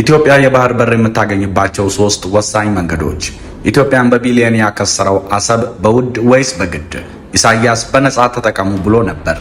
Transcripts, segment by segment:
ኢትዮጵያ የባህር በር የምታገኝባቸው ሶስት ወሳኝ መንገዶች፣ ኢትዮጵያን በቢሊየን ያከሰረው አሰብ በውድ ወይስ በግድ? ኢሳያስ በነጻ ተጠቀሙ ብሎ ነበር።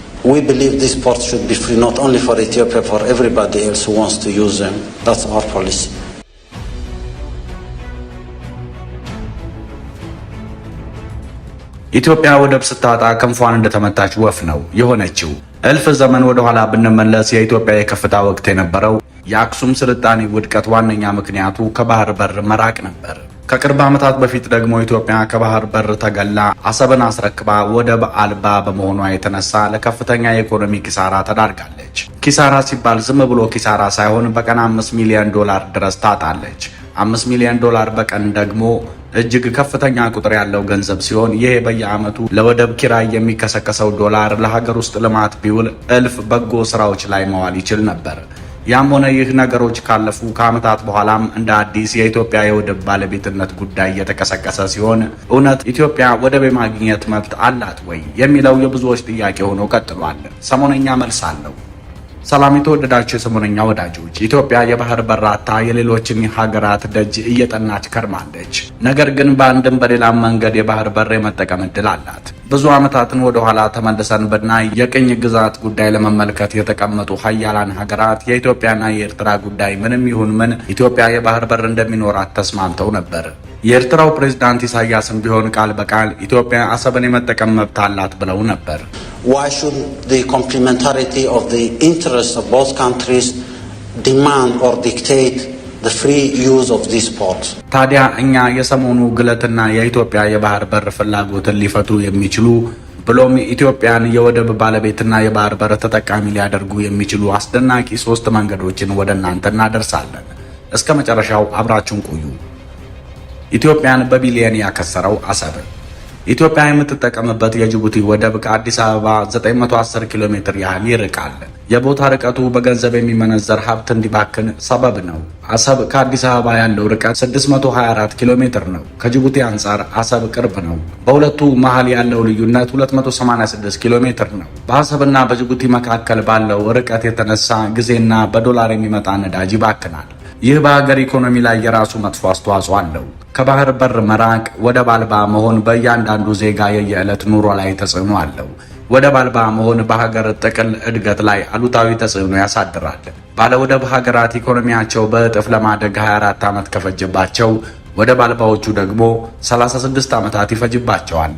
ኢትዮጵያ ወደብ ስታጣ ክንፏን እንደተመታች ወፍ ነው የሆነችው። እልፍ ዘመን ወደ ኋላ ብንመለስ የኢትዮጵያ የከፍታ ወቅት የነበረው የአክሱም ስልጣኔ ውድቀት ዋነኛ ምክንያቱ ከባህር በር መራቅ ነበር። ከቅርብ ዓመታት በፊት ደግሞ ኢትዮጵያ ከባህር በር ተገላ አሰብን አስረክባ ወደብ አልባ በመሆኗ የተነሳ ለከፍተኛ የኢኮኖሚ ኪሳራ ተዳርጋለች። ኪሳራ ሲባል ዝም ብሎ ኪሳራ ሳይሆን በቀን አምስት ሚሊዮን ዶላር ድረስ ታጣለች። አምስት ሚሊዮን ዶላር በቀን ደግሞ እጅግ ከፍተኛ ቁጥር ያለው ገንዘብ ሲሆን ይሄ በየዓመቱ ለወደብ ኪራይ የሚከሰከሰው ዶላር ለሀገር ውስጥ ልማት ቢውል እልፍ በጎ ስራዎች ላይ መዋል ይችል ነበር። ያም ሆነ ይህ ነገሮች ካለፉ ከዓመታት በኋላም እንደ አዲስ የኢትዮጵያ የወደብ ባለቤትነት ጉዳይ እየተቀሰቀሰ ሲሆን እውነት ኢትዮጵያ ወደብ የማግኘት መብት አላት ወይ የሚለው የብዙዎች ጥያቄ ሆኖ ቀጥሏል። ሰሞነኛ መልስ አለው። ሰላም የተወደዳችሁ የሰሞነኛ ወዳጆች፣ ኢትዮጵያ የባህር በራታ የሌሎችን ሀገራት ደጅ እየጠናች ከርማለች። ነገር ግን በአንድም በሌላም መንገድ የባህር በር የመጠቀም እድል አላት። ብዙ ዓመታትን ወደኋላ ተመልሰንብና የቅኝ ግዛት ጉዳይ ለመመልከት የተቀመጡ ሀያላን ሀገራት የኢትዮጵያና የኤርትራ ጉዳይ ምንም ይሁን ምን ኢትዮጵያ የባህር በር እንደሚኖራት ተስማምተው ነበር። የኤርትራው ፕሬዝዳንት ኢሳያስም ቢሆን ቃል በቃል ኢትዮጵያ አሰብን የመጠቀም መብት አላት ብለው ነበር። ኢንትረስት ኦፍ ቦዝ ካንትሪስ ዲማንድ ኦር ዲክቴት ታዲያ እኛ የሰሞኑ ግለትና የኢትዮጵያ የባህር በር ፍላጎትን ሊፈቱ የሚችሉ ብሎም ኢትዮጵያን የወደብ ባለቤትና የባህር በር ተጠቃሚ ሊያደርጉ የሚችሉ አስደናቂ ሶስት መንገዶችን ወደ እናንተ እናደርሳለን። እስከ መጨረሻው አብራችሁን ቆዩ። ኢትዮጵያን በቢሊየን ያከሰረው አሰብ ኢትዮጵያ የምትጠቀምበት የጅቡቲ ወደብ ከአዲስ አበባ 910 ኪሎ ሜትር ያህል ይርቃል። የቦታ ርቀቱ በገንዘብ የሚመነዘር ሀብት እንዲባክን ሰበብ ነው። አሰብ ከአዲስ አበባ ያለው ርቀት 624 ኪሎ ሜትር ነው። ከጅቡቲ አንጻር አሰብ ቅርብ ነው። በሁለቱ መሀል ያለው ልዩነት 286 ኪሎ ሜትር ነው። በአሰብና በጅቡቲ መካከል ባለው ርቀት የተነሳ ጊዜና በዶላር የሚመጣ ነዳጅ ይባክናል። ይህ በሀገር ኢኮኖሚ ላይ የራሱ መጥፎ አስተዋጽኦ አለው። ከባህር በር መራቅ፣ ወደብ አልባ መሆን በእያንዳንዱ ዜጋ የየዕለት ኑሮ ላይ ተጽዕኖ አለው። ወደብ አልባ መሆን በሀገር ጥቅል እድገት ላይ አሉታዊ ተጽዕኖ ያሳድራል። ባለወደብ ሀገራት ኢኮኖሚያቸው በእጥፍ ለማደግ 24 ዓመት ከፈጀባቸው ወደብ አልባዎቹ ደግሞ 36 ዓመታት ይፈጅባቸዋል።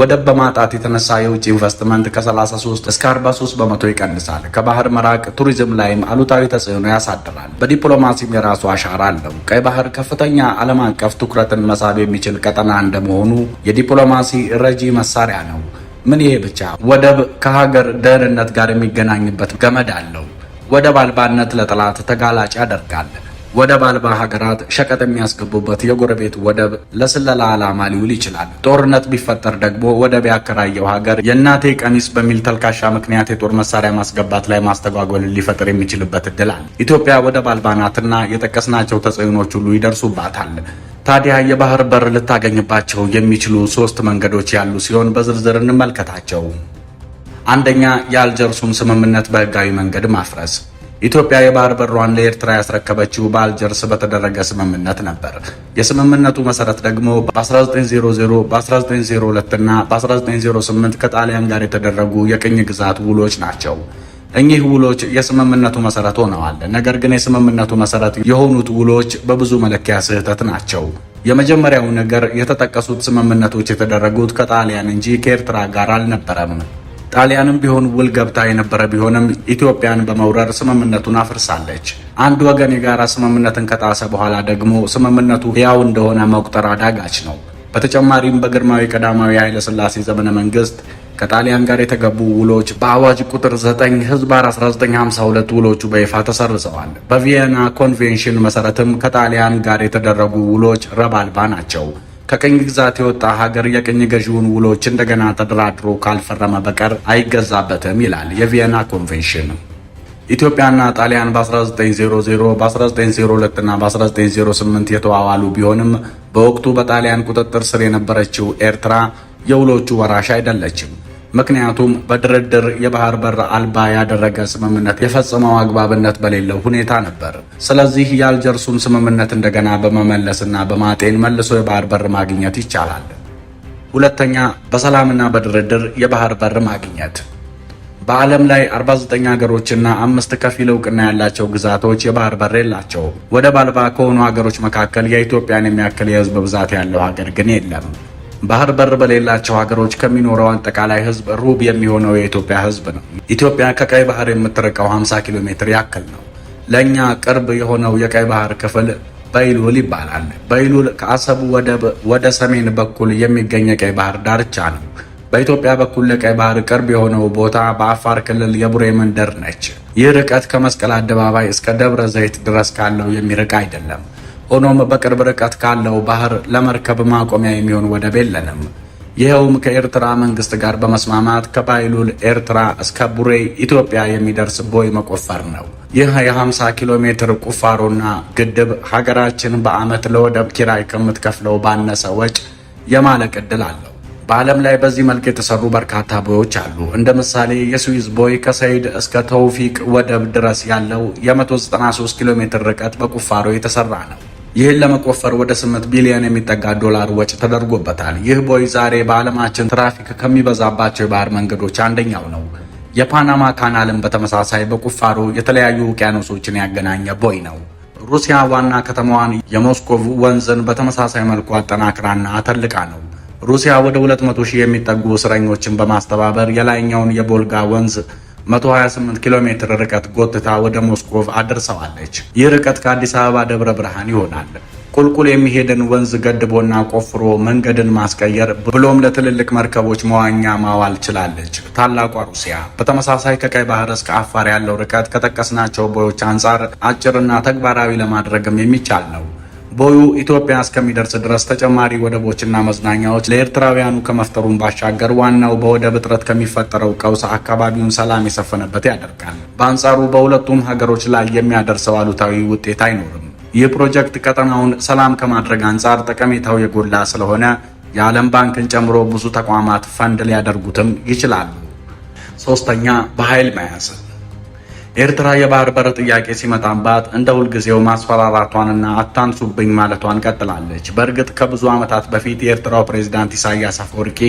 ወደብ በማጣት የተነሳ የውጭ ኢንቨስትመንት ከ33 እስከ 43 በመቶ ይቀንሳል። ከባህር መራቅ ቱሪዝም ላይም አሉታዊ ተጽዕኖ ያሳድራል። በዲፕሎማሲም የራሱ አሻራ አለው። ቀይ ባህር ከፍተኛ ዓለም አቀፍ ትኩረትን መሳብ የሚችል ቀጠና እንደመሆኑ የዲፕሎማሲ ረጂ መሳሪያ ነው። ምን ይሄ ብቻ፣ ወደብ ከሀገር ደህንነት ጋር የሚገናኝበት ገመድ አለው። ወደብ አልባነት ለጠላት ተጋላጭ ያደርጋል። ወደብ አልባ ሀገራት ሸቀጥ የሚያስገቡበት የጎረቤት ወደብ ለስለላ ዓላማ ሊውል ይችላል። ጦርነት ቢፈጠር ደግሞ ወደብ ያከራየው ሀገር የእናቴ ቀሚስ በሚል ተልካሻ ምክንያት የጦር መሳሪያ ማስገባት ላይ ማስተጓጎል ሊፈጥር የሚችልበት እድል አለ። ኢትዮጵያ ወደብ አልባ ናትና የጠቀስናቸው ተጽዕኖች ሁሉ ይደርሱባታል። ታዲያ የባህር በር ልታገኝባቸው የሚችሉ ሶስት መንገዶች ያሉ ሲሆን በዝርዝር እንመልከታቸው። አንደኛ፣ የአልጀርሱን ስምምነት በህጋዊ መንገድ ማፍረስ ኢትዮጵያ የባህር በሯን ለኤርትራ ያስረከበችው በአልጀርስ በተደረገ ስምምነት ነበር። የስምምነቱ መሰረት ደግሞ በ1900 በ1902 እና በ1908 ከጣሊያን ጋር የተደረጉ የቅኝ ግዛት ውሎች ናቸው። እኚህ ውሎች የስምምነቱ መሰረት ሆነዋል። ነገር ግን የስምምነቱ መሰረት የሆኑት ውሎች በብዙ መለኪያ ስህተት ናቸው። የመጀመሪያው ነገር የተጠቀሱት ስምምነቶች የተደረጉት ከጣሊያን እንጂ ከኤርትራ ጋር አልነበረም። ጣሊያንም ቢሆን ውል ገብታ የነበረ ቢሆንም ኢትዮጵያን በመውረር ስምምነቱን አፍርሳለች። አንድ ወገን የጋራ ስምምነትን ከጣሰ በኋላ ደግሞ ስምምነቱ ሕያው እንደሆነ መቁጠር አዳጋች ነው። በተጨማሪም በግርማዊ ቀዳማዊ ኃይለ ሥላሴ ዘመነ መንግስት ከጣሊያን ጋር የተገቡ ውሎች በአዋጅ ቁጥር 9 ህዝብ 1952 ውሎቹ በይፋ ተሰርዘዋል። በቪየና ኮንቬንሽን መሰረትም ከጣሊያን ጋር የተደረጉ ውሎች ረባልባ አልባ ናቸው። ከቅኝ ግዛት የወጣ ሀገር የቅኝ ገዢውን ውሎች እንደገና ተደራድሮ ካልፈረመ በቀር አይገዛበትም ይላል የቪየና ኮንቬንሽን። ኢትዮጵያና ጣሊያን በ1900 በ1902 እና በ1908 የተዋዋሉ ቢሆንም በወቅቱ በጣሊያን ቁጥጥር ስር የነበረችው ኤርትራ የውሎቹ ወራሽ አይደለችም። ምክንያቱም በድርድር የባህር በር አልባ ያደረገ ስምምነት የፈጸመው አግባብነት በሌለው ሁኔታ ነበር። ስለዚህ የአልጀርሱን ስምምነት እንደገና በመመለስና በማጤን መልሶ የባህር በር ማግኘት ይቻላል። ሁለተኛ፣ በሰላምና በድርድር የባህር በር ማግኘት በዓለም ላይ 49 ሀገሮችና አምስት ከፊል እውቅና ያላቸው ግዛቶች የባህር በር የላቸው ወደብ አልባ ከሆኑ ሀገሮች መካከል የኢትዮጵያን የሚያክል የህዝብ ብዛት ያለው ሀገር ግን የለም። ባህር በር በሌላቸው ሀገሮች ከሚኖረው አጠቃላይ ህዝብ ሩብ የሚሆነው የኢትዮጵያ ህዝብ ነው። ኢትዮጵያ ከቀይ ባህር የምትርቀው 50 ኪሎ ሜትር ያክል ነው። ለእኛ ቅርብ የሆነው የቀይ ባህር ክፍል በይሉል ይባላል። በይሉል ከአሰቡ ወደ ሰሜን በኩል የሚገኝ የቀይ ባህር ዳርቻ ነው። በኢትዮጵያ በኩል ለቀይ ባህር ቅርብ የሆነው ቦታ በአፋር ክልል የቡሬ መንደር ነች። ይህ ርቀት ከመስቀል አደባባይ እስከ ደብረ ዘይት ድረስ ካለው የሚርቅ አይደለም። ሆኖም በቅርብ ርቀት ካለው ባህር ለመርከብ ማቆሚያ የሚሆን ወደብ የለንም። ይኸውም ከኤርትራ መንግስት ጋር በመስማማት ከባይሉል ኤርትራ እስከ ቡሬ ኢትዮጵያ የሚደርስ ቦይ መቆፈር ነው። ይህ የ50 ኪሎ ሜትር ቁፋሮና ግድብ ሀገራችን በዓመት ለወደብ ኪራይ ከምትከፍለው ባነሰ ወጪ የማለቅ ዕድል አለው። በዓለም ላይ በዚህ መልክ የተሰሩ በርካታ ቦዮች አሉ። እንደ ምሳሌ የስዊዝ ቦይ ከሰይድ እስከ ተውፊቅ ወደብ ድረስ ያለው የ193 ኪሎ ሜትር ርቀት በቁፋሮ የተሰራ ነው። ይህን ለመቆፈር ወደ 8 ቢሊዮን የሚጠጋ ዶላር ወጪ ተደርጎበታል። ይህ ቦይ ዛሬ በዓለማችን ትራፊክ ከሚበዛባቸው የባህር መንገዶች አንደኛው ነው። የፓናማ ካናልን በተመሳሳይ በቁፋሮ የተለያዩ ውቅያኖሶችን ያገናኘ ቦይ ነው። ሩሲያ ዋና ከተማዋን የሞስኮቭ ወንዝን በተመሳሳይ መልኩ አጠናክራና አተልቃ ነው። ሩሲያ ወደ 200 ሺህ የሚጠጉ እስረኞችን በማስተባበር የላይኛውን የቦልጋ ወንዝ 128 ኪሎ ሜትር ርቀት ጎትታ ወደ ሞስኮቭ አድርሰዋለች። ይህ ርቀት ከአዲስ አበባ ደብረ ብርሃን ይሆናል። ቁልቁል የሚሄድን ወንዝ ገድቦና ቆፍሮ መንገድን ማስቀየር ብሎም ለትልልቅ መርከቦች መዋኛ ማዋል ችላለች ታላቋ ሩሲያ። በተመሳሳይ ከቀይ ባህር እስከ አፋር ያለው ርቀት ከጠቀስናቸው ቦዮች አንጻር አጭርና ተግባራዊ ለማድረግም የሚቻል ነው። ቦዩ ኢትዮጵያ እስከሚደርስ ድረስ ተጨማሪ ወደቦችና መዝናኛዎች ለኤርትራውያኑ ከመፍጠሩን ባሻገር ዋናው በወደብ እጥረት ከሚፈጠረው ቀውስ አካባቢውን ሰላም የሰፈነበት ያደርጋል። በአንጻሩ በሁለቱም ሀገሮች ላይ የሚያደርሰው አሉታዊ ውጤት አይኖርም። ይህ ፕሮጀክት ቀጠናውን ሰላም ከማድረግ አንጻር ጠቀሜታው የጎላ ስለሆነ የዓለም ባንክን ጨምሮ ብዙ ተቋማት ፈንድ ሊያደርጉትም ይችላሉ። ሶስተኛ፣ በኃይል መያዝ ኤርትራ የባህር በር ጥያቄ ሲመጣባት እንደ ሁልጊዜው ማስፈራራቷንና አታንሱብኝ ማለቷን ቀጥላለች። በእርግጥ ከብዙ ዓመታት በፊት የኤርትራው ፕሬዚዳንት ኢሳያስ አፈወርቂ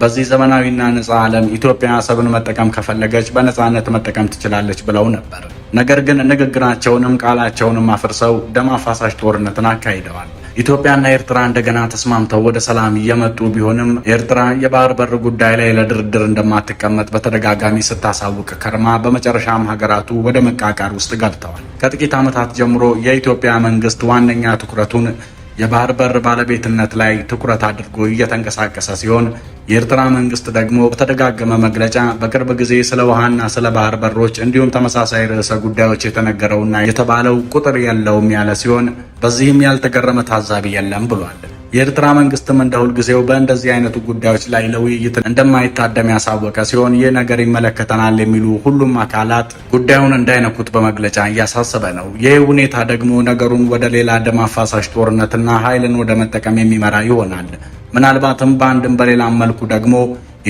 በዚህ ዘመናዊና ነፃ ዓለም ኢትዮጵያ አሰብን መጠቀም ከፈለገች በነፃነት መጠቀም ትችላለች ብለው ነበር። ነገር ግን ንግግራቸውንም ቃላቸውንም አፍርሰው ደም አፋሳሽ ጦርነትን አካሂደዋል። ኢትዮጵያና ኤርትራ እንደገና ተስማምተው ወደ ሰላም እየመጡ ቢሆንም ኤርትራ የባህር በር ጉዳይ ላይ ለድርድር እንደማትቀመጥ በተደጋጋሚ ስታሳውቅ ከርማ በመጨረሻም ሀገራቱ ወደ መቃቃር ውስጥ ገብተዋል። ከጥቂት ዓመታት ጀምሮ የኢትዮጵያ መንግስት ዋነኛ ትኩረቱን የባህር በር ባለቤትነት ላይ ትኩረት አድርጎ እየተንቀሳቀሰ ሲሆን የኤርትራ መንግስት ደግሞ በተደጋገመ መግለጫ በቅርብ ጊዜ ስለ ውሃና ስለ ባህር በሮች እንዲሁም ተመሳሳይ ርዕሰ ጉዳዮች የተነገረውና የተባለው ቁጥር የለውም ያለ ሲሆን በዚህም ያልተገረመ ታዛቢ የለም ብሏል። የኤርትራ መንግስትም እንደ ሁልጊዜው በእንደዚህ አይነቱ ጉዳዮች ላይ ለውይይት እንደማይታደም ያሳወቀ ሲሆን ይህ ነገር ይመለከተናል የሚሉ ሁሉም አካላት ጉዳዩን እንዳይነኩት በመግለጫ እያሳሰበ ነው። ይህ ሁኔታ ደግሞ ነገሩን ወደ ሌላ ደም አፋሳሽ ጦርነትና ኃይልን ወደ መጠቀም የሚመራ ይሆናል። ምናልባትም በአንድም በሌላም መልኩ ደግሞ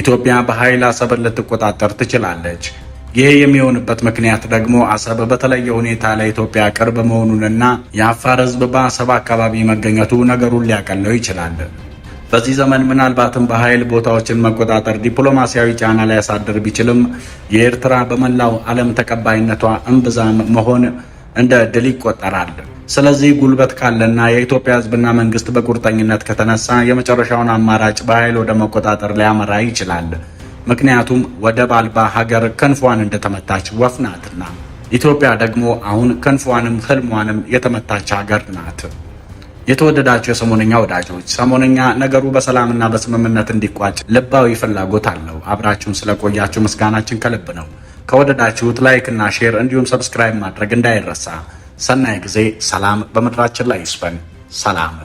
ኢትዮጵያ በኃይል አሰብን ልትቆጣጠር ትችላለች። ይህ የሚሆንበት ምክንያት ደግሞ አሰብ በተለየ ሁኔታ ለኢትዮጵያ ቅርብ መሆኑንና የአፋር ህዝብ በአሰብ አካባቢ መገኘቱ ነገሩን ሊያቀለው ይችላል። በዚህ ዘመን ምናልባትም በኃይል ቦታዎችን መቆጣጠር ዲፕሎማሲያዊ ጫና ሊያሳድር ቢችልም የኤርትራ በመላው ዓለም ተቀባይነቷ እምብዛም መሆን እንደ ድል ይቆጠራል። ስለዚህ ጉልበት ካለና የኢትዮጵያ ህዝብና መንግስት በቁርጠኝነት ከተነሳ የመጨረሻውን አማራጭ በኃይል ወደ መቆጣጠር ሊያመራ ይችላል። ምክንያቱም ወደብ አልባ ሀገር ክንፏን እንደተመታች ወፍ ናትና፣ ኢትዮጵያ ደግሞ አሁን ክንፏንም ህልሟንም የተመታች ሀገር ናት። የተወደዳቸው የሰሞነኛ ወዳጆች፣ ሰሞነኛ ነገሩ በሰላምና በስምምነት እንዲቋጭ ልባዊ ፍላጎት አለው። አብራችሁን ስለቆያችሁ ምስጋናችን ከልብ ነው። ከወደዳችሁት ላይክና ሼር እንዲሁም ሰብስክራይብ ማድረግ እንዳይረሳ። ሰናይ ጊዜ። ሰላም በምድራችን ላይ ይስፈን። ሰላም